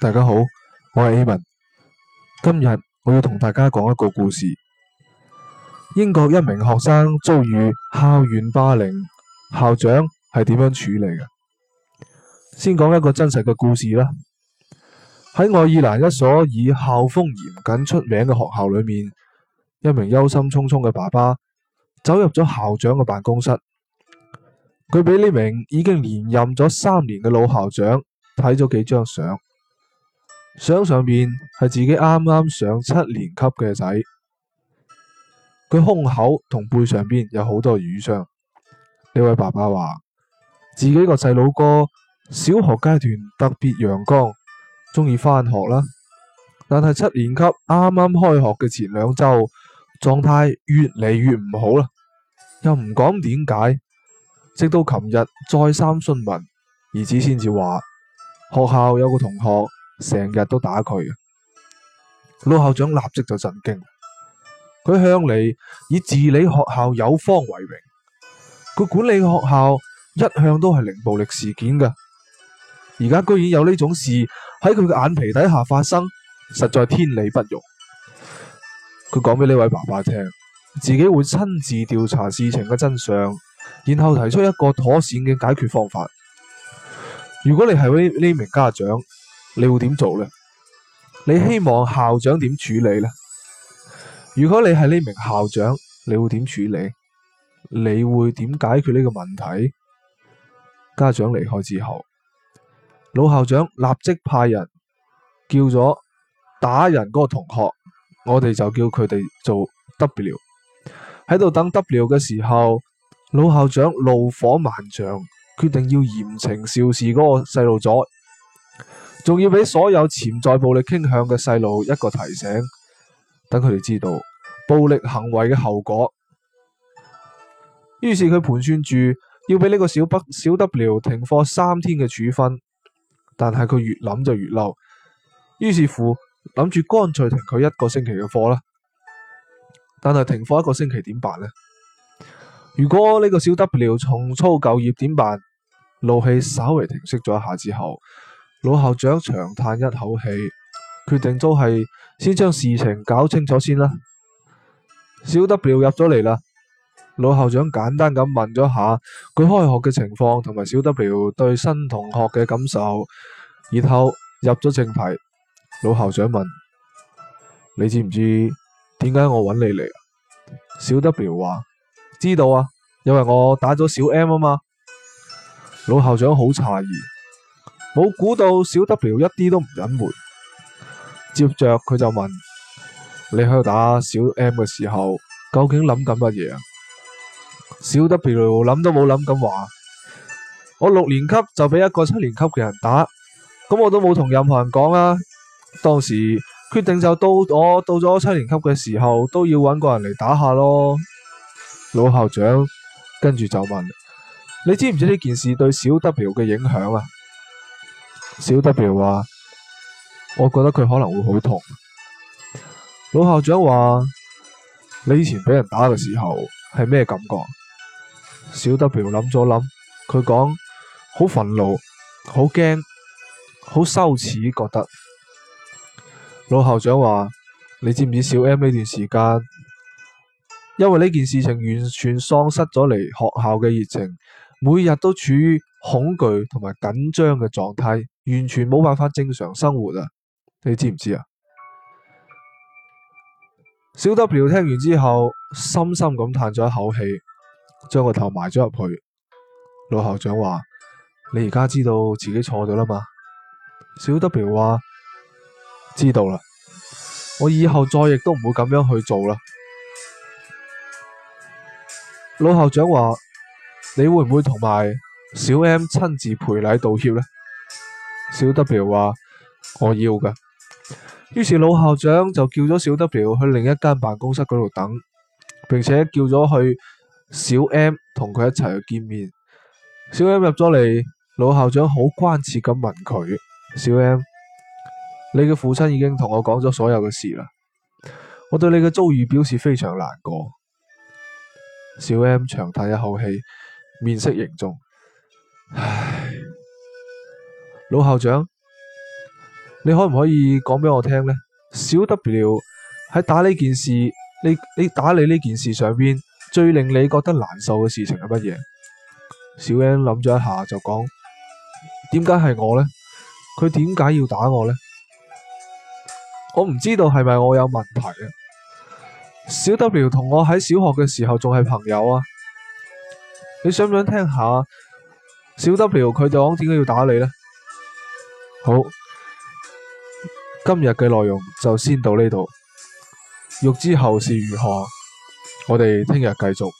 大家好，我係 Amen。今日我要同大家講一個故事。英國一名學生遭遇校園霸凌，校長係點樣處理嘅？先講一個真實嘅故事啦。喺愛爾蘭一所以校風嚴謹出名嘅學校裏面，一名憂心忡忡嘅爸爸走入咗校長嘅辦公室，佢俾呢名已經連任咗三年嘅老校長睇咗幾張相。相上邊係自己啱啱上七年級嘅仔，佢胸口同背上邊有好多瘀傷。呢位爸爸話：自己個細佬哥小學階段特別陽光，中意翻學啦，但係七年級啱啱開學嘅前兩周，狀態越嚟越唔好啦，又唔講點解。直到琴日再三詢問，兒子先至話學校有個同學。成日都打佢。老校長立即就震驚。佢向嚟以治理學校有方為榮，佢管理學校一向都係零暴力事件嘅，而家居然有呢種事喺佢嘅眼皮底下發生，實在天理不容。佢講俾呢位爸爸聽，自己會親自調查事情嘅真相，然後提出一個妥善嘅解決方法。如果你係呢呢名家長。你會點做呢？你希望校長點處理呢？如果你係呢名校長，你會點處理？你會點解決呢個問題？家長離開之後，老校長立即派人叫咗打人嗰個同學，我哋就叫佢哋做 W。喺度等 W 嘅時候，老校長怒火萬丈，決定要嚴懲肇事嗰個細路仔。仲要俾所有潛在暴力傾向嘅細路一個提醒，等佢哋知道暴力行為嘅後果。於是佢盤算住要俾呢個小北小 W 停課三天嘅處分，但係佢越諗就越嬲，於是乎諗住乾脆停佢一個星期嘅課啦。但係停課一個星期點辦呢？如果呢個小 W 重操舊業點辦？怒氣稍微停息咗一下之後。老校長長嘆一口氣，決定都係先將事情搞清楚先啦。小 W 入咗嚟啦，老校長簡單咁問咗下佢開學嘅情況同埋小 W 對新同學嘅感受，然後入咗正題。老校長問：你知唔知點解我揾你嚟？小 W 話：知道啊，因為我打咗小 M 啊嘛。老校長好詫異。冇估到小 W 一啲都唔隱瞞，接着佢就問，你去打小 M 嘅時候，究竟諗緊乜嘢呀？小 W 諗都冇諗咁話，我六年級就俾一個七年級嘅人打，咁我都冇同任何人講啦、啊。當時決定就到我到咗七年級嘅時候都要揾個人嚟打下咯。老校長跟住就問，你知唔知呢件事對小 W 嘅影響啊？小 W 話：我覺得佢可能會好痛。老校長話：你以前俾人打嘅時候係咩感覺？小 W 諗咗諗，佢講：好憤怒，好驚，好羞恥，覺得。老校長話：你知唔知小 M 呢段時間，因為呢件事情完全喪失咗嚟學校嘅熱情，每日都處於恐懼同埋緊張嘅狀態。完全冇辦法正常生活啊！你知唔知啊？小 W 聽完之後，深深咁嘆咗一口氣，將個頭埋咗入去。老校長話：你而家知道自己錯咗啦嘛？小 W 話：知道啦，我以後再亦都唔會咁樣去做啦。老校長話：你會唔會同埋小 M 親自賠禮道歉呢？小 W 話我要㗎，於是老校長就叫咗小 W 去另一間辦公室嗰度等，並且叫咗去小 M 同佢一齊去見面。小 M 入咗嚟，老校長好關切咁問佢：小 M，你嘅父親已經同我講咗所有嘅事啦，我對你嘅遭遇表示非常難過。小 M 長嘆一口氣，面色凝重，唉。老校長，你可唔可以講俾我聽呢？小 W 喺打呢件事，你你打你呢件事上邊，最令你覺得難受嘅事情係乜嘢？小 N 諗咗一下就講：點解係我呢？佢點解要打我呢？我唔知道係咪我有問題啊？小 W 同我喺小學嘅時候仲係朋友啊？你想唔想聽下小 W 佢就講點解要打你呢？」好，今日嘅內容就先到呢度。欲知後事如何，我哋聽日繼續。